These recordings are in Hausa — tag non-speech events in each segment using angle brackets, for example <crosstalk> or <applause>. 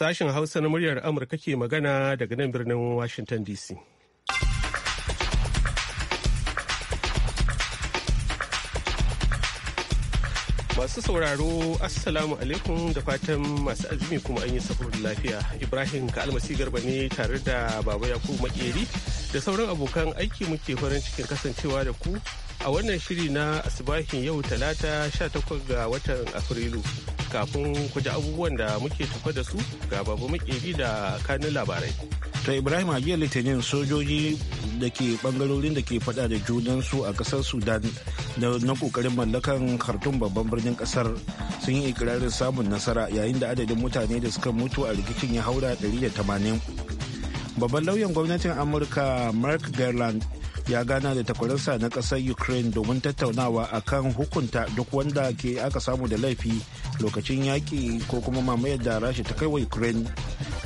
Sashen Hausa na muryar Amurka ke magana daga nan birnin Washington DC. Masu sauraro, Assalamu alaikum da fatan masu azumi kuma an yi saboda lafiya. Ibrahim Almasi Garba ne tare da Baba Yakubu Makeri da sauran abokan aiki muke farin cikin kasancewa da ku a wannan shiri na asibahin yau talata 18 ga watan afrilu kafin ku ji abubuwan da muke tafa da su ga babu makeri da kanin labarai ta ibrahim jiya litinin sojoji da ke bangarorin da ke fada da junansu a kasar sudan na kokarin mallakan khartoum babban birnin kasar sun yi ikirarin samun nasara yayin da adadin mutane da suka mutu a rikicin ya haura 180 babban lauyan gwamnatin amurka mark garland ya gana da takwararsa na kasar ukraine domin tattaunawa a kan hukunta duk wanda ke aka samu da laifi lokacin yaƙi ko kuma mamayar da rasha ta kaiwa ukraine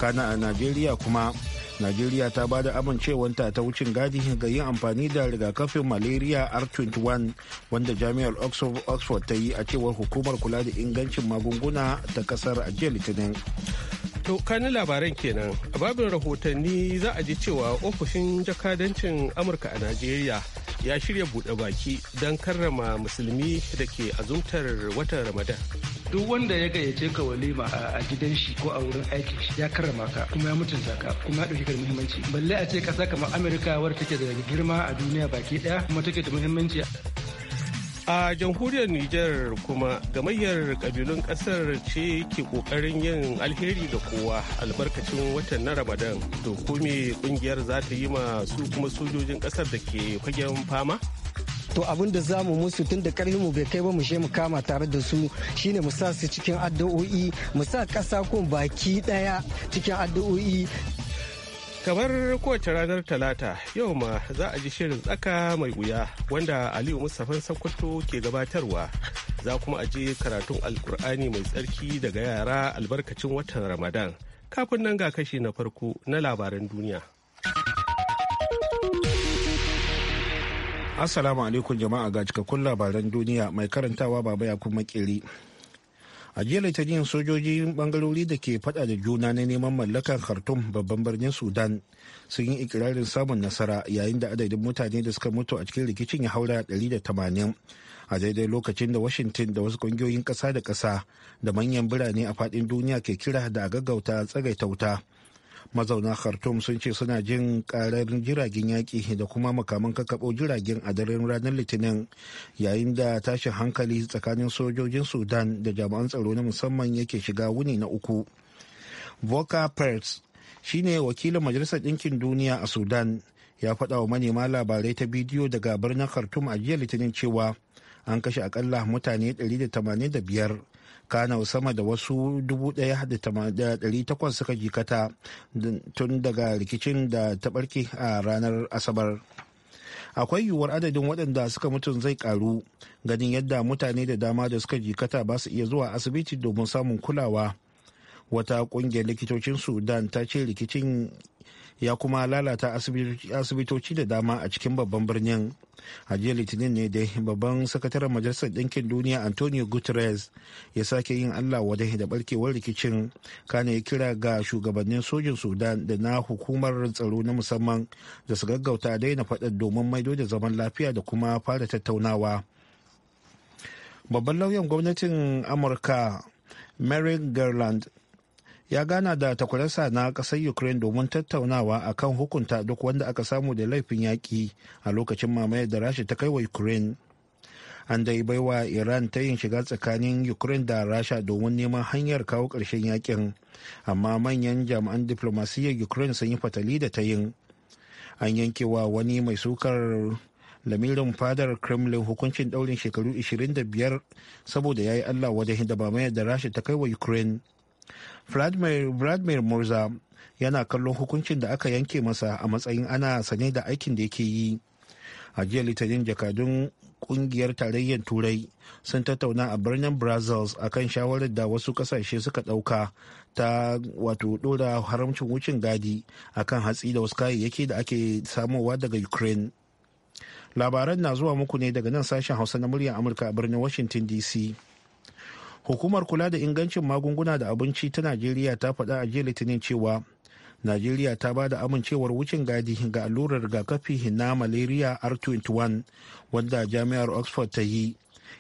kana a najeriya kuma najeriya ta ba da amincewanta ta wucin gadi ga yin amfani da rigakafin malaria r21 wanda jami'ar oxford ta yi a cewar hukumar kula da ingancin magunguna ta kasar a jiya litinin To kanin labaran kenan a babin rahotanni za a ji cewa ofishin jakadancin Amurka a Najeriya ya shirya buɗe baki don karrama musulmi da ke azumtar watan Ramadan. Duk wanda ya gayyace ka walima a gidan shi ko a wurin aikin shi ya karrama ka kuma ya mutunta ka kuma ya ɗauki da muhimmanci. Balle a ce ƙasa kamar Amurka wadda take da girma a duniya baki ɗaya kuma take da muhimmanci. a jamhuriyar niger kuma gamayyar kabilun kasar ce ke kokarin yin alheri da kowa albarkacin watan na ramadan to kome kungiyar za ta yi masu kuma sojojin kasar da ke fagen fama to abin da za mu musu tun da karfi mu bai kai ba mu she mu kama tare da su shine mu sa su cikin addu'o'i mu sa ƙasa kun baki daya cikin addu'o'i kamar kowace ranar talata yau ma za a ji shirin tsaka mai wuya wanda aliyu mustapha sakwato ke gabatarwa za kuma a ji karatun alkur'ani mai tsarki daga yara albarkacin watan ramadan kafin nan ga kashi na farko na labaran duniya assalamu alaikum jama'a ga cikakkun labaran duniya mai karantawa baba ya yakun makeri a jiya litinin sojojin bangarori da ke fada da juna na neman mallakan khartum babban birnin sudan sun yi ikirarin samun nasara yayin da adadin mutane da suka mutu a cikin rikicin ya haura 180 a daidai lokacin da washington da wasu kungiyoyin kasa da kasa da manyan birane a fadin duniya ke kira da a gaggauta tsagaita wuta mazauna khartoum sun ce suna jin karar jiragen yaƙi da kuma makaman kakaɓo jiragen a daren ranar litinin yayin da tashin hankali tsakanin sojojin sudan da jami'an tsaro na musamman yake shiga wuni na uku voka perts shine wakilin majalisar ɗinkin duniya a sudan ya faɗa wa manema labarai ta bidiyo daga birnin khartoum a jiya litinin cewa an kashe akalla mutane 185 kana sama da wasu 1,800 suka jikata tun daga rikicin da ta barke a ranar asabar akwai yiwuwar adadin waɗanda suka mutu zai karu ganin yadda mutane da dama da suka jikata ba su iya zuwa asibiti domin samun kulawa wata ƙungiyar likitocin sudan ta ce rikicin ya kuma lalata asibitoci da dama a cikin babban birnin a jiya litinin ne dai babban sakataren majalisar ɗinkin duniya antonio guterres ya sake yin allah wadai da barkewar rikicin kane ya kira ga shugabannin sojin sudan da na hukumar tsaro na musamman da su gaggauta daina faɗa domin maido da zaman lafiya da kuma fara tattaunawa babban lauyan gwamnatin amurka merrick garland ya gana da takwarasa na ƙasar ukraine domin tattaunawa akan hukunta duk wanda aka samu da laifin yaƙi a lokacin mamayar da rasha ta kai wa ukraine an dai baiwa iran ta yin shiga tsakanin ukraine da rasha domin neman hanyar kawo ƙarshen yakin amma manyan jami'an diplomasiyyar ukraine sun yi fatali da ta yin an wa wani mai sukar lamirin fadar kremlin hukuncin daurin shekaru 25 saboda ya yi allah wajen da ba da rasha ta kai wa ukraine vladimir murza yana kallon hukuncin da aka yanke masa a matsayin ana sane da aikin da yake yi a jiya litinin jakadun kungiyar tarayyar turai sun tattauna a birnin brazils akan shawarar da wasu kasashe suka dauka ta wato dora haramcin wucin gadi akan hatsi da wasu kayayyaki da ake samowa daga ukraine labaran na zuwa muku ne daga nan sashen hausa na muryar amurka a birnin washington dc hukumar kula da ingancin magunguna da abinci ta najeriya ta faɗa a jiya litinin cewa najeriya ta ba da amincewar wucin gadi ga allurar rigakafi na malaria r21 wanda jami'ar oxford ta yi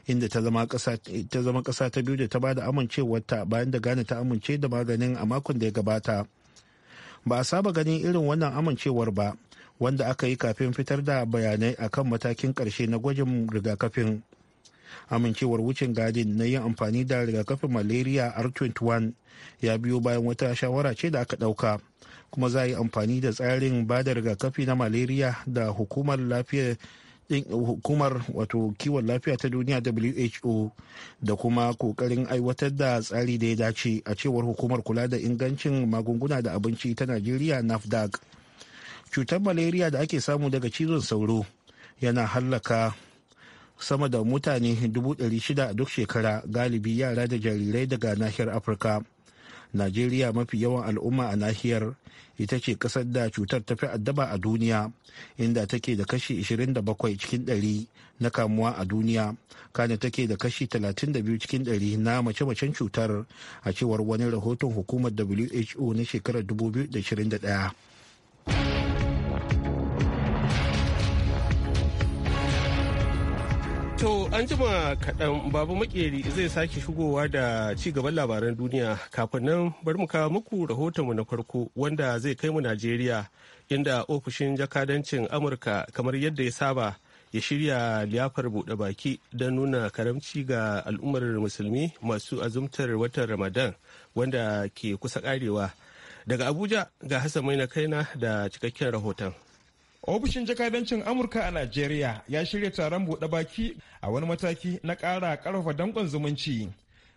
inda ta zama ƙasa ta biyu da ta ba da amincewarta bayan da gane ta amince da maganin a makon da ya gabata ba a saba ganin irin wannan amincewar ba wanda aka yi kafin fitar da bayanai akan matakin ƙarshe na gwajin rigakafin amincewar wucin gadin na yin amfani da rigakafin malaria r21 ya biyo bayan wata shawara ce da aka ɗauka kuma za a yi amfani da tsarin ba da rigakafi na malaria da hukumar lafiyar hukumar wato kiwon lafiya ta duniya who da kuma kokarin aiwatar da tsari da ya dace a cewar hukumar kula da ingancin magunguna da abinci ta najeriya nafdac cutar malaria da ake samu daga cizon sauro yana hallaka sama da mutane 600 a duk shekara galibi yara da jarirai daga nahiyar afirka najeriya mafi yawan al'umma a nahiyar ita ce kasar da cutar ta fi addaba a duniya inda take da kashi 27 cikin 100 na kamuwa a duniya kana take da kashi 32 cikin 100 na mace-macen cutar a cewar wani rahoton hukumar who na shekarar 2021 To an jima kaɗan babu makeri zai sake shigowa da ci gaban labaran duniya kafin nan bari mu kawo muku mu na farko wanda zai kai mu Najeriya inda ofishin jakadancin Amurka kamar yadda ya saba ya shirya liyafar buɗe baki don nuna karamci ga al'ummar musulmi masu azumtar watan Ramadan wanda ke kusa ƙarewa. Daga Abuja ga Hassan na Kaina da cikakken rahoton. Ofishin jakadancin Amurka a Najeriya ya shirya taron buɗe baki a wani mataki na ƙara ƙarfafa danƙon zumunci.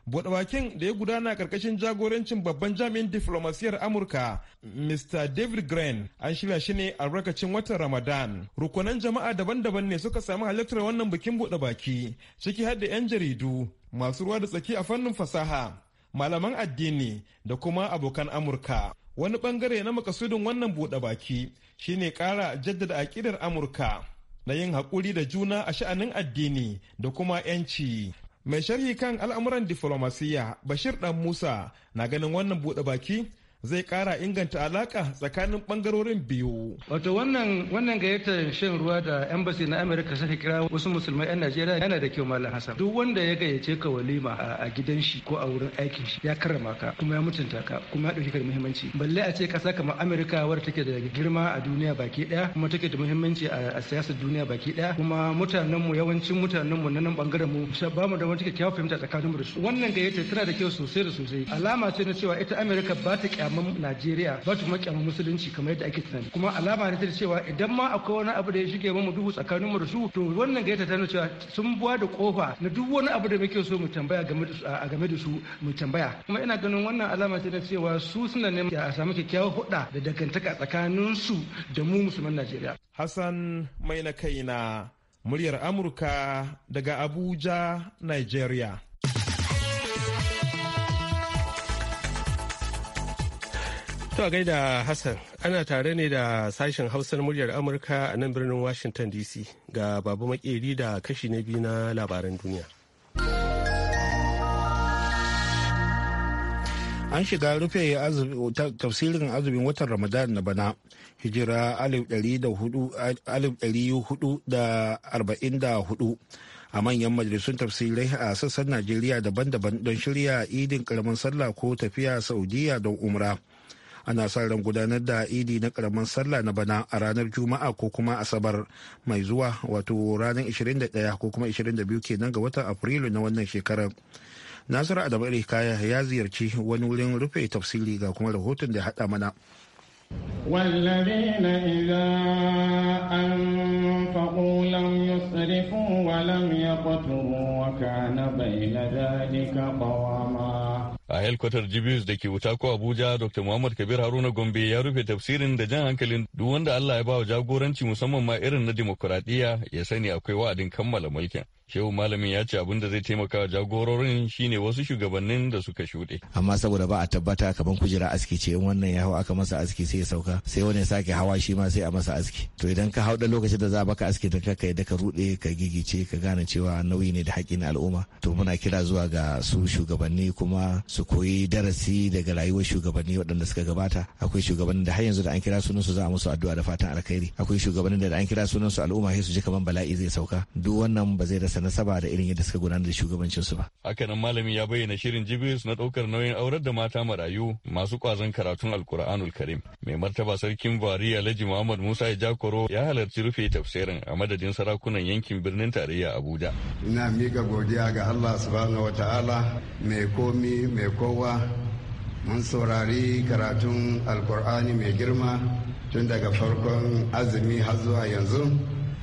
Buɗe bakin da ya gudana ƙarƙashin jagorancin babban jami'in diflomasiyar Amurka, Mr. David Green, an shirya shi ne a lokacin watan Ramadan. Rukunan jama'a daban-daban ne suka sami halartar wannan bikin buɗe baki, ciki har da 'yan jaridu, masu ruwa da tsaki a fannin fasaha, malaman addini da kuma abokan Amurka. Wani bangare na makasudin wannan buɗe baki shine kara jaddada aƙidar amurka na yin haƙuri da juna a sha'anin addini da kuma 'yanci mai sharhi kan al'amuran diflomasiyya bashir dan musa na ganin wannan buɗe baki zai kara inganta alaka tsakanin bangarorin biyu. Wato wannan wannan gayyatar shan ruwa da embassy na Amerika suka kira wasu musulmai 'yan Najeriya yana da kyau Malam Hassan. Duk wanda ya gayyace ka walima a gidan shi ko a wurin aikin shi ya karrama ka kuma ya mutunta ka kuma ya dauki ka da muhimmanci. Balle a ce kasa kamar Amerika wadda take da girma a duniya baki daya kuma take da muhimmanci a siyasar duniya baki daya kuma mutanen mu yawancin mutanen mu na nan bangaren mu ba mu da wani kyawu fahimta tsakanin mu da su. Wannan gayyatar tana da kyau sosai da sosai. Alama ce na cewa ita Amerika ba ta kyamu kyaman Najeriya ba su kuma kyaman musulunci kamar yadda ake tunani kuma alama ne ta cewa idan ma akwai wani abu da ya shige mu duhu tsakanin mu da su to wannan gaita ta nuna cewa sun buwa da kofa na duk wani abu da muke so mu tambaya game da su mu tambaya kuma ina ganin wannan alama ce ta cewa su suna neman a samu kyakkyawar hudda da dangantaka tsakanin su da mu musulman Najeriya Hassan mai na kaina muryar Amurka daga Abuja Nigeria To a gaida Hassan ana tare ne da sashen hausar muryar Amurka a nan birnin Washington DC ga babu makeri da kashi na biyu na labaran duniya. An shiga rufe tafsirin azumin watan Ramadan na bana, hijira 1444 a manyan majalisun tafsirai a sassan Najeriya daban-daban don shirya idin karamin sallah ko tafiya Saudiya don umra. ana sa ran gudanar da idi na karamin sallah na bana a ranar juma'a ko kuma asabar mai zuwa wato ranar 21 ko kuma 22 kenan ga watan afrilu na wannan shekarar nasiru adamu kaya ya ziyarci wani wurin rufe tafsiri ga kuma rahoton da haɗa mana والذين إذا أنفقوا لم يسرفوا ولم يقتروا وكان بين ذلك a helkwatar jibius da ke wuta ko abuja dr muhammad kabir haruna gombe ya rufe tafsirin da jan hankalin duk wanda allah ya ba wa jagoranci musamman ma irin na dimokuraɗiyya ya sani akwai wa'adin kammala mulkin shehu malamin ya ce abin da zai taimaka wa jagororin shine wasu shugabannin da suka shuɗe amma saboda ba a tabbata kaman kujera aski ce in wannan ya hau aka masa aski sai ya sauka sai wani ya sake hawa shi ma sai a masa aski to idan ka hau da lokacin da za baka aski da kai da ka ruɗe ka gigice ka gane cewa nauyi ne da haƙƙin al'umma to muna kira zuwa ga su shugabanni kuma su koyi darasi daga rayuwar shugabanni waɗanda suka gabata akwai shugabannin da har yanzu da an kira sunan su za a musu addu'a da fatan alkhairi akwai shugabannin da an kira sunan su al'umma sai su ji kaman bala'i zai sauka duk wannan ba zai rasa nasaba da irin yadda suka gudanar da shugabancin su ba hakanan malami ya bayyana shirin jibris na ɗaukar nauyin aurar da mata marayu masu kwazon karatun alkur'anul karim mai martaba sarkin bari alhaji muhammad musa jakoro ya halarci rufe tafsirin a madadin sarakunan yankin birnin tarayya abuja ina miƙa godiya ga allah subhanahu ta'ala mai komi mai kowa mun saurari karatun alkur'ani mai girma tun daga farkon azumi har zuwa yanzu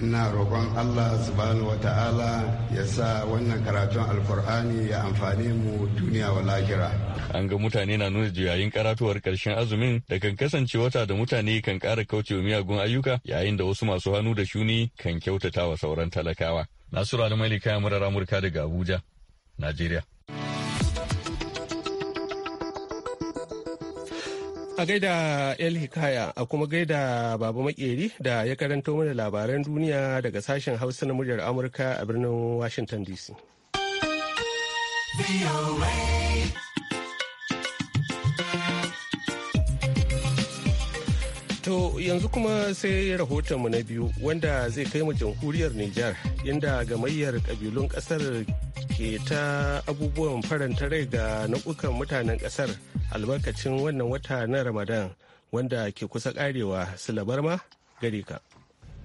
ina roƙon allah subhanahu wa ta'ala ya sa wannan karatun alkur'ani ya amfani mu duniya wa lahira an ga mutane na nuna juyayin karatuwar karshen azumin da kan kasance wata da mutane kan ƙara kaucewa miyagun ayyuka yayin da wasu masu hannu da shuni kan kyautata wa sauran talakawa nasiru alimali kayan murar amurka daga abuja najeriya A gaida El Hikaya a kuma gaida Baba Makeri da ya karanto mana labaran duniya daga sashen Hausa na muryar Amurka a birnin Washington DC. To yanzu kuma sai rahotonmu na biyu wanda zai kai mu jamhuriyar Nijar inda gamayyar kabilun kasar ke ta abubuwan faranta rai ga nau'ukan mutanen kasar. albarkacin wannan wata na Ramadan wanda ke kusa karewa silabar ma gare ka.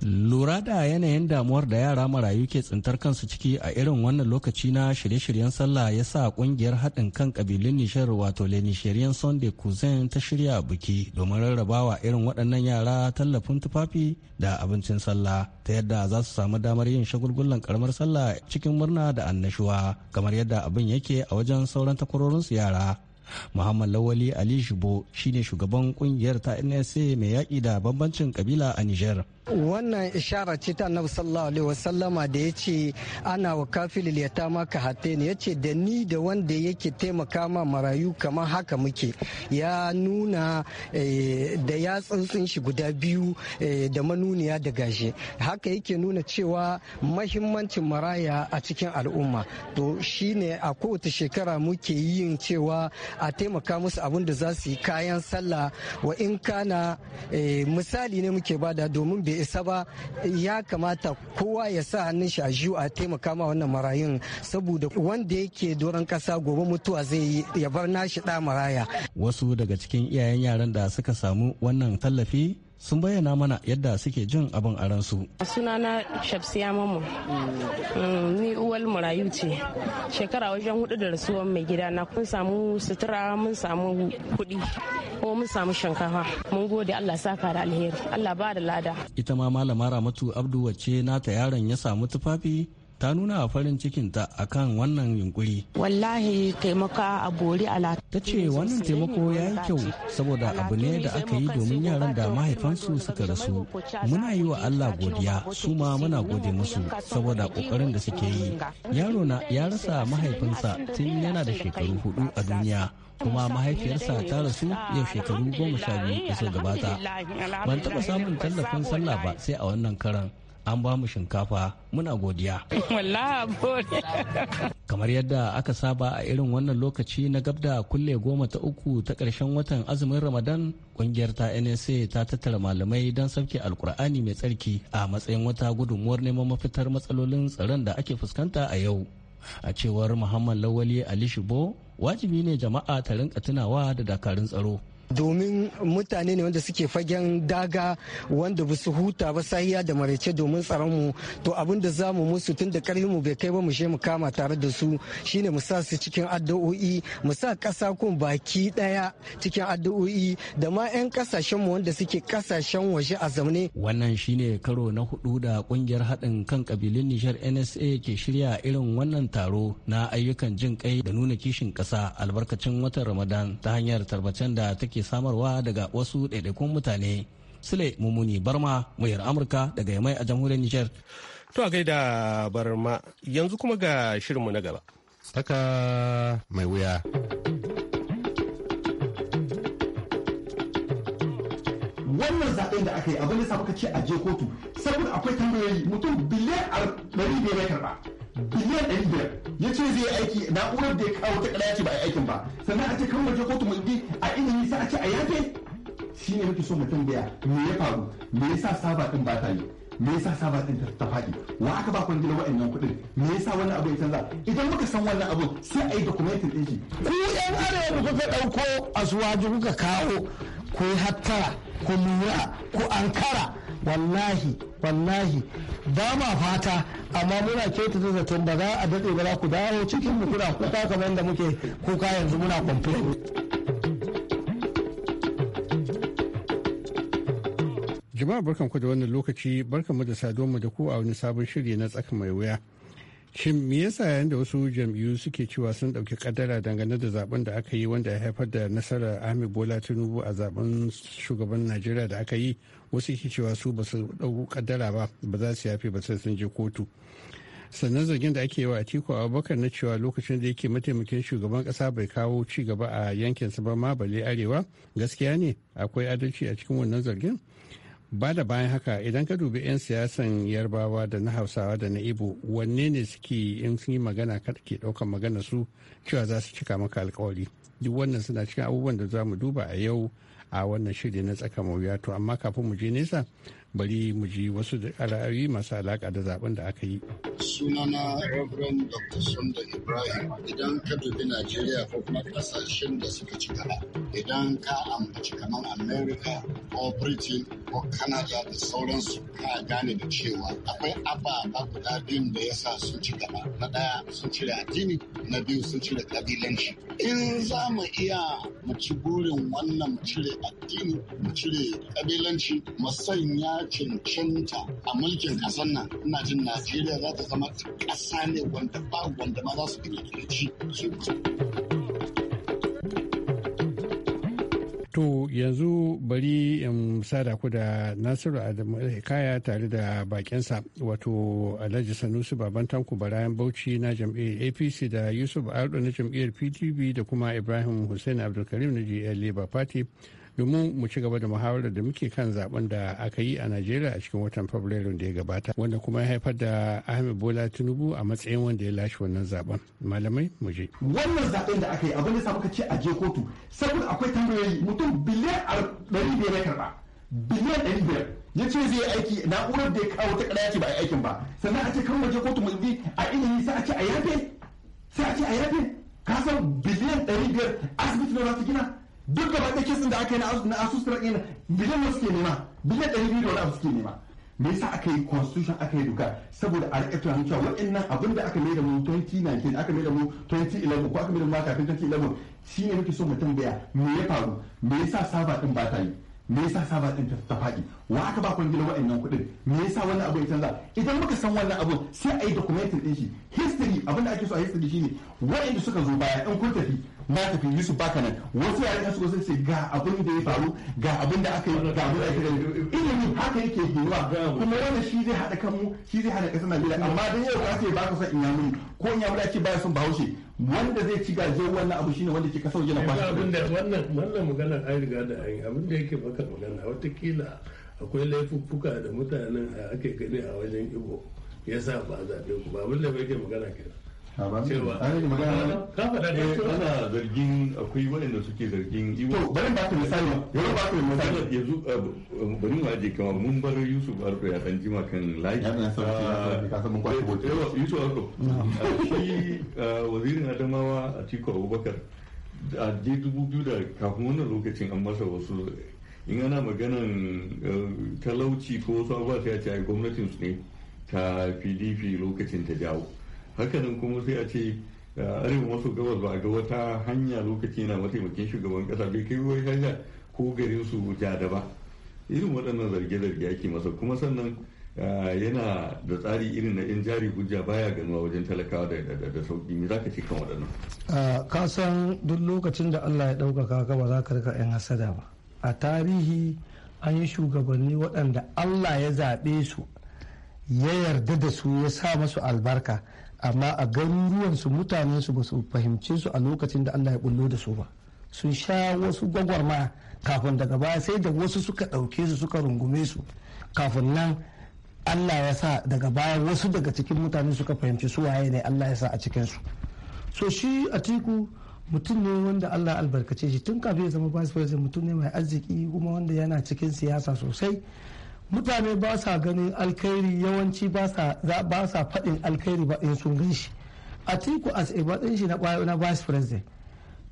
Lura da yanayin damuwar da yara marayu ke tsintar kansu ciki a irin wannan lokaci na shirye-shiryen sallah ya sa kungiyar haɗin kan ƙabilun Nishar wato Le Nishirian Sunday Cousin ta shirya biki domin rarrabawa irin waɗannan yara tallafin tufafi da abincin sallah ta yadda za su samu damar yin shagulgullan karamar sallah cikin murna da annashuwa kamar yadda abin yake a wajen sauran takwarorinsu yara Muhammad Lawali Ali Shibo shine shugaban kungiyar ta NSA mai yaƙi da bambancin kabila a Nijar. Wannan ishara ce ta Annabi sallallahu alaihi wasallama da ya ce ana wa kafilil yatama ka hatte ne yace da ni da wanda yake taimaka ma marayu kamar haka muke ya nuna eh, da ya tsuntsun shi guda biyu eh, da manuniya da gashi haka yake nuna cewa mahimmancin maraya a cikin al'umma to shine a kowace shekara muke yin cewa a taimaka musu abin da za su yi kayan sallah wa in kana eh, misali ne muke bada domin bai isa ba ya kamata kowa ya sa hannun shi a jiyu a taimaka ma wannan marayun saboda wanda yake doron kasa gobe mutuwa zai yi ya bar nashi da maraya wasu daga cikin iyayen yaran da suka samu wannan tallafi sun bayyana mana yadda suke jin abin a ransu. sunana shafsiya mamu mm, ni uwal marayu ce shekara wajen hudu da rasuwan mai gida na kun samu sutura mun samu kuɗi ko mun samu shinkafa mun gode allah saka da alheri allah ba da lada ita ma malama ramatu abdu wacce nata yaron ya samu tufafi ta nuna a farin cikinta a kan wannan yunkuri. Wallahi taimaka a bori ala. Ta ce wannan taimako ya yi kyau saboda abu ne da aka yi domin yaran da mahaifansu suka rasu. Muna yi wa Allah godiya su ma muna gode musu saboda kokarin da suke yi. Yaro na ya rasa mahaifinsa tun yana da shekaru hudu a duniya. kuma mahaifiyarsa ta rasu yau shekaru goma sha biyu da gabata ban taɓa samun tallafin sallah ba sai a wannan karan an ba mu shinkafa muna godiya. <laughs> Kamar yadda aka saba a irin wannan lokaci na gabda kulle goma ta uku ta ƙarshen watan azumin Ramadan ƙungiyar ta NSA ta tattara malamai don sauke alkur'ani mai tsarki a matsayin wata gudunmuwar neman mafitar matsalolin tsaron da ake fuskanta a yau. A cewar Muhammad Lawali Ali Shibo, wajibi ne jama'a ta rinka tunawa da dakarun tsaro. domin mutane ne wanda suke fagen daga wanda ba su huta ba sahiya da maraice domin tsaron mu to abin da zamu musu tun da karfin mu bai kai ba mu she mu kama tare da su shine mu sa su cikin addu'o'i mu sa kasa kun baki daya cikin addu'o'i da ma 'yan kasashen mu wanda suke kasashen waje a zamne wannan shine karo na hudu da kungiyar haɗin kan kabilun Nijar NSA ke shirya irin wannan taro na ayyukan jin kai da nuna kishin kasa albarkacin watan Ramadan ta hanyar tarbacen da take ake samarwa daga wasu ɗaiɗaikun mutane sule mummuni barma muryar amurka daga yamai a jamhuriyar nijar. to a gaida barma yanzu kuma ga shirinmu na gaba saka mai wuya wannan zaɓen da aka yi abin da sa muka ce a je kotu saboda akwai tambayoyi mutum biliyan ɗari biyar ya karɓa biliyan ɗari biyar ya ce zai aiki na'urar da ya kawo ta ƙarya ce ba a aikin ba sannan a ce kan waje kotu mulki a ilimi sa a ce a yafe shi ne muke so mutum baya me ya faru me yasa saba ɗin ba ta yi me yasa saba din ta faɗi wa aka ba kwangila wa'annan kuɗin me yasa wannan abu ya canza idan muka san wannan abu sai a yi documentin ɗin shi ku yan arewa da kuka ɗauko asuwaji kuka kawo kuyi hattara ku lura ku ankara wallahi wallahi ba ma fata amma muna da zaton ba za a daɗe ba za ku dawo cikin mu kuna kuka kamar yadda muke kuka yanzu muna complain jama'a barkan ku da wannan lokaci barkan mu da saduwar mu da ku a wani sabon shiri na tsaka mai wuya Shin me yasa yayin da wasu jam'iyyu suke cewa sun ɗauki kadara dangane da zaben da aka yi wanda ya haifar da nasarar Ahmed Bola Tinubu a zaben shugaban Najeriya da aka yi wasu ke cewa su ba su ɗau kadara ba ba za su yafe ba sai sun je kotu. sannan zargin da ake yi wa Atiku Abubakar na cewa lokacin da yake mataimakin shugaban kasa bai kawo ci gaba a yankinsa ba ma bale arewa gaskiya ne akwai adalci a cikin wannan zargin ba da bayan haka idan ka dubi 'yan siyasan yarbawa da na hausawa da na ibo wanne ne suke in sun yi magana ke daukan magana su cewa za su cika maka alkawari duk wannan suna cikin abubuwan da za mu duba a yau a wannan shirin na tsaka mawuya to amma kafin mu je nesa bari mu ji wasu ra'ayoyi masu alaƙa da zaben da aka yi. sunana reverend dr sundan ibrahim idan ka dubi najeriya ko kuma kasashen da suka ci gaba idan ka ambaci kamar america ko britain ko canada da sauransu ka gane da cewa akwai ababa guda biyun da ya sa sun ci gaba na ɗaya sun cire addini na biyu sun cire kabilanci in za mu iya mu ci burin wannan mu cire addini mu cire kabilanci mu sanya cancanta a mulkin ƙasar nan ina jin najeriya za ta zama ƙasa ne wanda ba wanda ma za su ƙirƙirci su To yanzu bari in sada ku da Nasiru Adamu Kaya tare da bakinsa wato Alhaji Sanusi Baban Tanku Barayan Bauchi na jam'iyyar APC da Yusuf Ardo na jam'iyyar PDP da kuma Ibrahim Hussein Abdulkarim na GL Labour Party domin mu ci gaba da muhawarar da muke kan zaben da aka yi a najeriya a cikin watan fabrairu da ya gabata wanda kuma ya haifar da ahmed bola tinubu a matsayin wanda ya lashe wannan zaben malamai mu je wannan zaben da aka yi abin da sa muka ce a je kotu saboda akwai tambayoyi mutum biliyan ɗari biyar ya karɓa biliyan ɗari biyar ya ce zai aiki na'urar da ya kawo ta ƙarya ce ba a aikin ba sannan a ce kan waje kotu mu a ilimi sai a ce a yafe sai a ce a yafe ka biliyan asibiti na za su gina duk da da kisin da aka yi na asusun ɗin biliyan wasu ke nema biliyan ɗari biyu da wani abu suke nema me yasa aka yi constitution aka yi doka saboda a riƙa tunanin cewa waɗannan abin da aka maida mu 2019 aka maida mu 2011 ko aka maida mu kafin 2011 shine muke so mu tambaya me ya faru me yasa saba ɗin ba ta yi me yasa saba din ta faɗi wa aka ba kwangila wa'annan kuɗin me yasa wannan abu ya canza idan muka san wannan abu sai a yi documenting din shi history abin da ake so a history shine waɗanda suka zo baya ɗan kurtafi tafi na tafi yusuf baka nan wasu yare su sun sai ga abin da ya faru ga abin da aka yi ga abin da aka yi ilimi haka yake yiwa kuma wanda shi zai haɗa kanmu shi zai haɗa ƙasar najeriya amma dan yau ka ce ba ka son inyamu ko inyamuri ce sun son bahaushe wanda zai ci gaje wannan abu shine wanda ke kasar waje na kwashe wannan wannan maganar an riga da an yi abin da yake baka magana watakila akwai laifuffuka da mutanen ake gani a wajen ibo ya sa ba zaɓe ku ba abin da bai ke magana kenan cewa ka faɗa eh, da cewa ana zargin akwai waɗanda suke zargin iwo to bari ba ku misali yau ba ku misali yanzu eh, bari mu aje kama mun bar Yusuf Arko ya san jima kan layi ya san ka san mun kwashi bote eh, Yusuf Arko shi wazirin Adamawa Atiku Abubakar a je dubu biyu da kafin wannan lokacin an masa wasu in ana maganan talauci ko wasu abubuwa sai a ce gwamnatin su ne ta pdp lokacin ta jawo hakanan kuma sai a ce arewa maso gabas ba ga wata hanya lokaci na mataimakin shugaban kasa bai kai wai hanya ko garin su ja da ba irin waɗannan zarge-zarge ake masa kuma sannan yana da tsari irin na yan jari hujja baya ganuwa wajen talakawa da sauƙi me zaka ce kan waɗannan ka san duk lokacin da Allah ya ɗaukaka ka ba za ka rika yan hasada ba a tarihi an yi shugabanni waɗanda Allah ya zaɓe su ya yarda da su ya sa masu albarka amma a mutane mutanensu ba su fahimci su a lokacin da allah ya bullo da su ba sun sha wasu gwagwarma kafin daga baya sai da wasu suka ɗauke su suka rungume su kafin nan allah ya sa daga baya wasu daga cikin mutane suka fahimci su waye ne allah ya sa a cikinsu so shi a atiku mutum ne wanda allah albarkace shi tun kafin ya zama vice president mutum ne mai arziki kuma wanda yana cikin siyasa sosai mutane ba sa ganin alkhairi yawanci ba sa faɗin alkhairi ba in sun gan shi atiku as a matsayin shi na vice president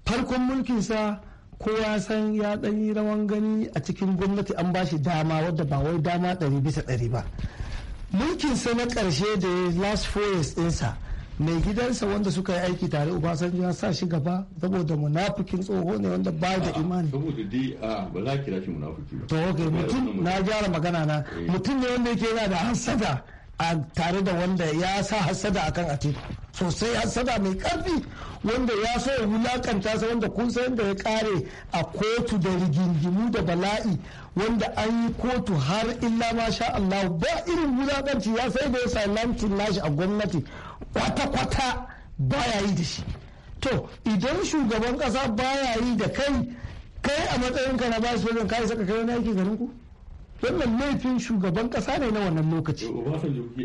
farkon mulkin mulkinsa kowa san ya ɗanyi rawan gani a cikin gwamnati an ba shi dama wadda ba wai dama ɗari bisa ɗari ba mulkin sa na ƙarshe da last four years ɗinsa mai gidansa wanda suka yi aiki tare obasanjo ya sa shi gaba saboda munafikin tsoho ne wanda ba da imani saboda to ok mutum na gyara magana na eh. mutum ne wanda yake yana da hassada a tare da wanda ya sa hassada akan atiku sosai hassada mai karfi wanda ya so ya wulakanta sa wanda kun san da ya kare a kotu da rigingimu da bala'i wanda an yi kotu har illa ma sha Allah ba irin wulakanci ya sai da ya sa lantin nashi a gwamnati kwata-kwata baya yi da shi to idan shugaban kasa baya yi da kai kai a matsayinka na vice wajen kai saka kai wani aiki garin ku wannan laifin shugaban kasa ne na wannan lokaci obasanjo ne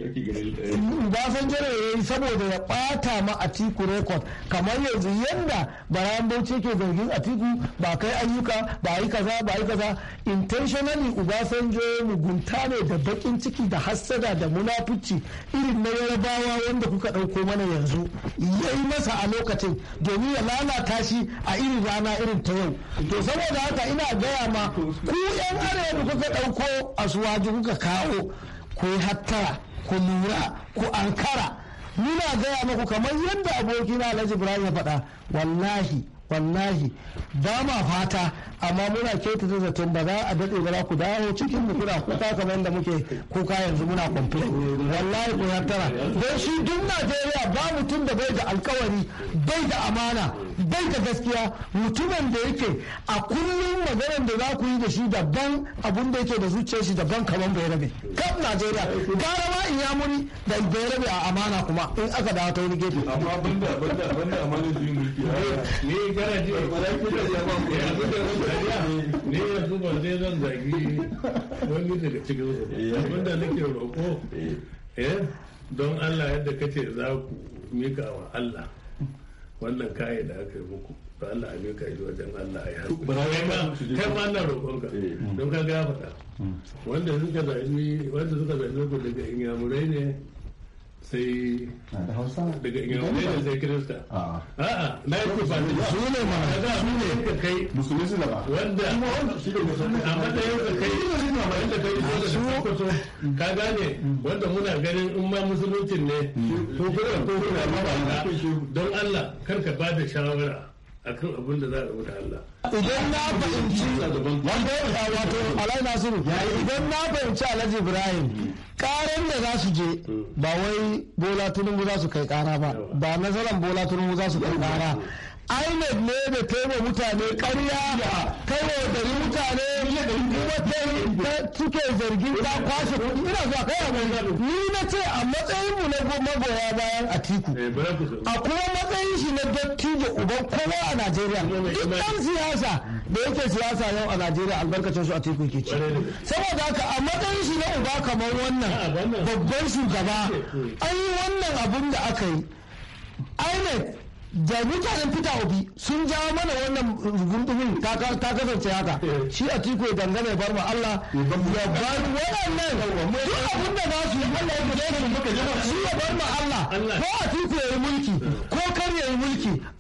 ya yi saboda ya bata ma atiku record kamar yanzu yadda bayan bauchi ke zargin atiku ba kai ayyuka ba yi kaza ba yi kaza intentionally obasanjo mugunta ne da bakin ciki da hassada da munafuci irin na yarabawa wanda kuka ɗauko mana yanzu ya yi masa a lokacin domin ya lalata shi a irin rana irin ta yau to saboda haka ina gaya ma ku yan arewa da kuka ɗauko ko asuwaji kuka kawo ku yi hattara ku lura ku ankara nuna gaya maku kamar yadda abokina alhaji ibrahim ya faɗa wallahi wallahi ba ma fata amma muna kyautata zaton ba za a daɗe ba ku dawo cikin mu kuna kuka kamar da muke kuka yanzu muna kwamfula wallahi ku tara don shi duk najeriya ba mutum da bai da alkawari bai da amana bai da gaskiya mutumin da yake a kullum maganar da za ku yi da shi daban abun da yake da zuciya shi daban kamar bai rabe kan najeriya gara ma in yamuri da bai rabe a amana kuma in aka dawo ta wani gefe amma amana mulki ne ba za da ku eh, ne zai zan zagi wani daga cikin su eh. nake roƙo eh. eh don Allah yadda kace za ku mika wa Allah wannan kaya da aka yi muku ba Allah a mika ido wajen Allah a yi hankali kai ma Allah roƙonka eh. don ka ga mm. wanda suka zaɓi wanda suka zaɓi ku daga inyamurai ne sai ah, da hausa daga ingilis sai kirista a'a na yi kufa da su ne ma da su ne ka kai musulmi da ba ne a matsayin ka kai wanda kai da su kwato ka gane wanda muna ganin in ma musuluncin ne to kuma ko kuma ba don Allah kar ka ba da shawara akan abin da za a rubuta Allah. Idan na fahimci wanda ya wato Alhaji Nasiru idan na fahimci Alhaji Ibrahim karan da za su je ba wai Bola Tinubu za su kai kara ba ba nazaran Bola Tinubu za su kai kara. ahmed ne da taimakon mutane karya kai wa mutane zargi wata suke zargi ta kwashe kuɗi ina zuwa kai a ni na ce a matsayin mu na magoya bayan Atiku eh, a kuma matsayin shi na dattijo uban kowa a Najeriya duk ɗan siyasa da yake siyasa yau a Najeriya albarkacin su Atiku ke ci saboda haka a matsayin shi na uba kamar wannan ah, babban shugaba ah, an yi wannan abun da aka yi INEC da mutanen fita obi sun jawo mana wannan gundumin ta kasance haka shi a tiko ya dangane ya bar ma Allah ya bar waɗannan duk abin da ba su yi Allah ya bar su ya bar ma Allah ko a tiko ya yi mulki ko kan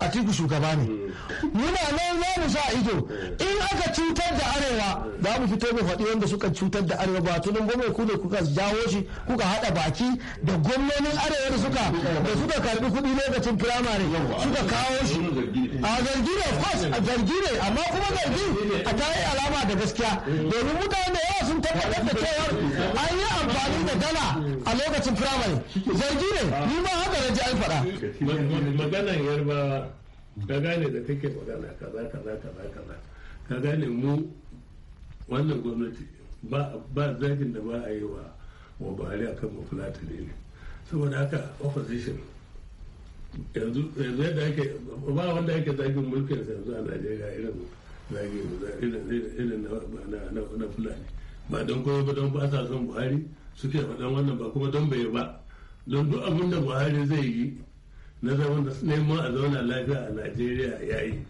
a tiku shugaba ne muna nan za mu sa ido in aka cutar da arewa za mu fito mu faɗi wanda suka cutar da arewa ba tunan gwamnati ku ne kuka jawo shi kuka haɗa baki da gwamnonin arewa da suka da suka karbi kuɗi lokacin firamare suka kawo shi a zargi ne of course a zargi ne amma kuma zargi a ta yi alama da gaskiya domin mutane da yawa sun tabbatar da cewa an yi amfani da dala a lokacin firamare zargi ne ni ma haka na ji an faɗa. maganan yarba ka gane da take magana kaza kaza kaza kaza ka gane mu wannan gwamnati ba zagin da ba a yi wa wa bari akan mafulata ne saboda haka opposition yanzu yadda ake ba wanda ake zagin mulkin yanzu a najeriya irin zagin irin na fulani ba don koyo ba don ba sa son buhari suke faɗan wannan ba kuma don bai ba don duk abin da buhari zai yi na zaman neman a zauna lafiya a najeriya ya yi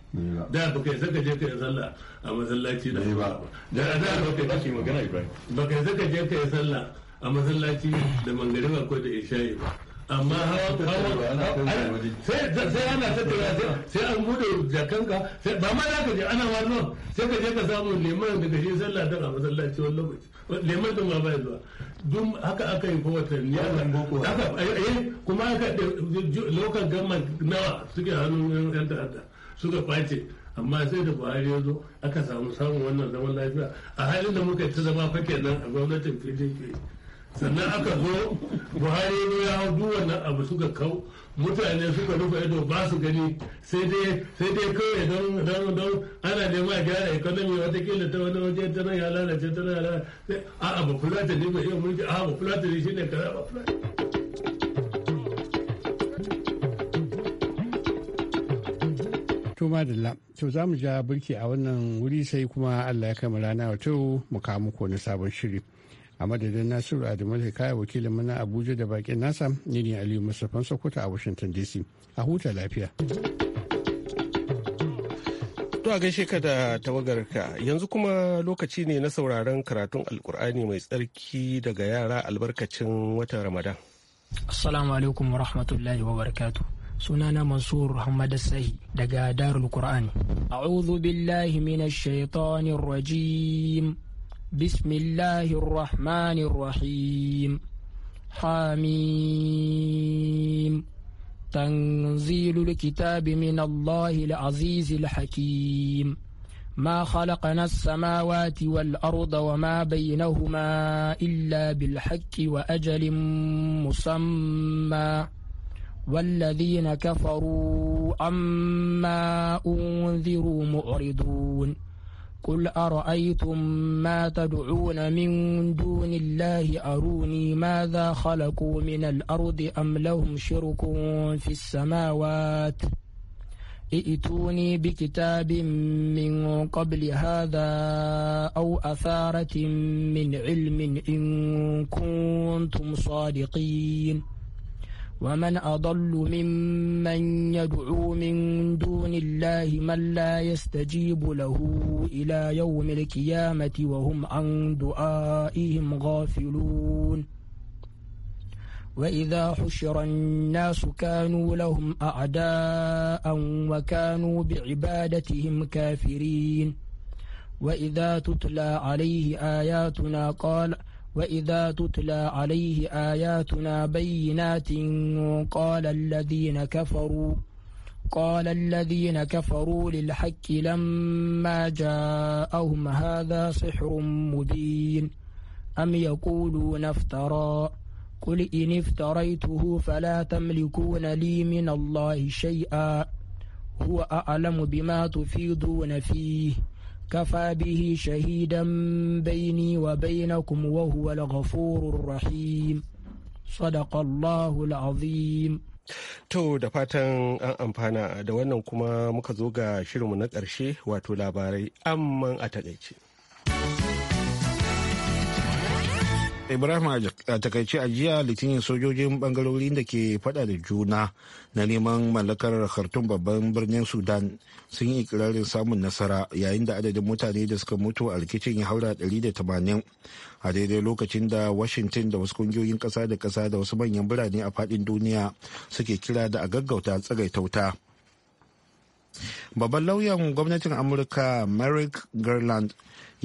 da ba kai saka je kai sallah a masallaci da ba da da ba kai saka magana ibrahim ba kai saka je kai sallah a masallaci da mangariba ko da isha'i ba amma sai ana tattara sai an gudu jakanka sai ba ma za ka je ana wannan sai ka je ka samu neman daga shi sallah daga a masallaci wani lokaci neman da ma bai zuwa duk haka aka yi kowatanni haka eh, eh, kuma aka lokal government nawa suke hannun yan ta'adda suka kwace amma sai da buhari ya zo aka samu samun wannan zaman lafiya a halin da muka ta zama fa kenan a gwamnatin pdp sannan aka zo buhari ne ya hau duk wannan abu suka kau mutane suka rufe ido ba su gani sai dai kawai don don don ana nema gyara economy watakila ta wani waje ta nan ya lalace ta nan ya lalace a'a abu fulata ne mai iya mulki a abu fulata ne shine kaza ba fulata To madalla, to za mu ja birki a wannan wuri sai kuma Allah ya mu rana wato mu kawo muku wani sabon shiri. a madadin nasiru adamu kaya wakilin mana abuja da bakin nasa ne ne aliyu mustapha sokoto a washington dc a huta lafiya to a gaishe ka da tawagarka yanzu kuma lokaci ne na sauraron karatun alkur'ani mai tsarki daga yara albarkacin watan ramadan assalamu alaikum wa rahmatullahi wa barakatuh sunana mansur hamad sahi daga darul qur'ani a'udhu billahi minash shaitanir rajim بسم الله الرحمن الرحيم حميم تنزيل الكتاب من الله العزيز الحكيم ما خلقنا السماوات والأرض وما بينهما إلا بالحق وأجل مسمى والذين كفروا عما أنذروا معرضون قل أرأيتم ما تدعون من دون الله أروني ماذا خلقوا من الأرض أم لهم شرك في السماوات ائتوني بكتاب من قبل هذا أو أثارة من علم إن كنتم صادقين ومن أضل ممن يدعو من دون الله من لا يستجيب له إلى يوم القيامة وهم عن دعائهم غافلون وإذا حشر الناس كانوا لهم أعداء وكانوا بعبادتهم كافرين وإذا تتلى عليه آياتنا قال ۖ وإذا تتلى عليه آياتنا بينات قال الذين كفروا قال الذين كفروا للحق لما جاءهم هذا سحر مبين أم يقولون افترى قل إن افتريته فلا تملكون لي من الله شيئا هو أعلم بما تفيضون فيه كفى به شهيدا بيني وبينكم وهو الغفور الرحيم صدق الله العظيم To da fatan an amfana da wannan kuma muka zo ga shirinmu na ƙarshe wato labarai amman a taƙaice. ibrahim a takaici a jiya litinin sojojin bangarorin da ke fada da juna na neman mallakar khartoum babban birnin sudan sun yi ikirarin samun nasara yayin da adadin mutane da suka mutu a rikicin ya haura 180 a daidai lokacin da washington da wasu kungiyoyin kasa da kasa da wasu manyan birane a fadin duniya suke kira da a gaggauta tsagaitauta. wuta babban lauyan gwamnatin amurka merrick garland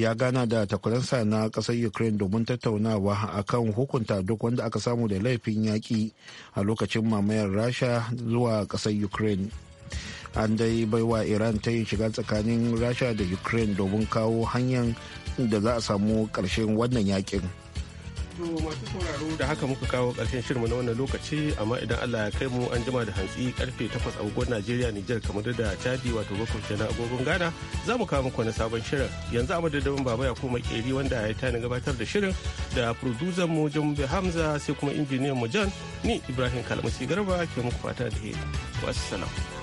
ya gana da takwaransa na kasar ukraine domin tattaunawa akan hukunta duk wanda aka samu da laifin yaƙi a lokacin mamayar rasha zuwa kasar ukraine an dai baiwa iran ta yin shiga tsakanin rasha da ukraine domin kawo hanyar da za a samu ƙarshen wannan yakin. masu sauraro da haka muka kawo karshen shirmu na wannan lokaci amma idan Allah ya kai mu an jima da hantsi karfe 8 agogon Najeriya Nijar kamar da Chadi wato bakwai kenan agogon Ghana za mu kawo muku wani sabon shirin yanzu a madadin baba ya kuma keri wanda ya tana gabatar da shirin da producer mu Jambe Hamza sai kuma injiniyan mu John ni Ibrahim Kalmasi Garba ke muku fata da wassalam.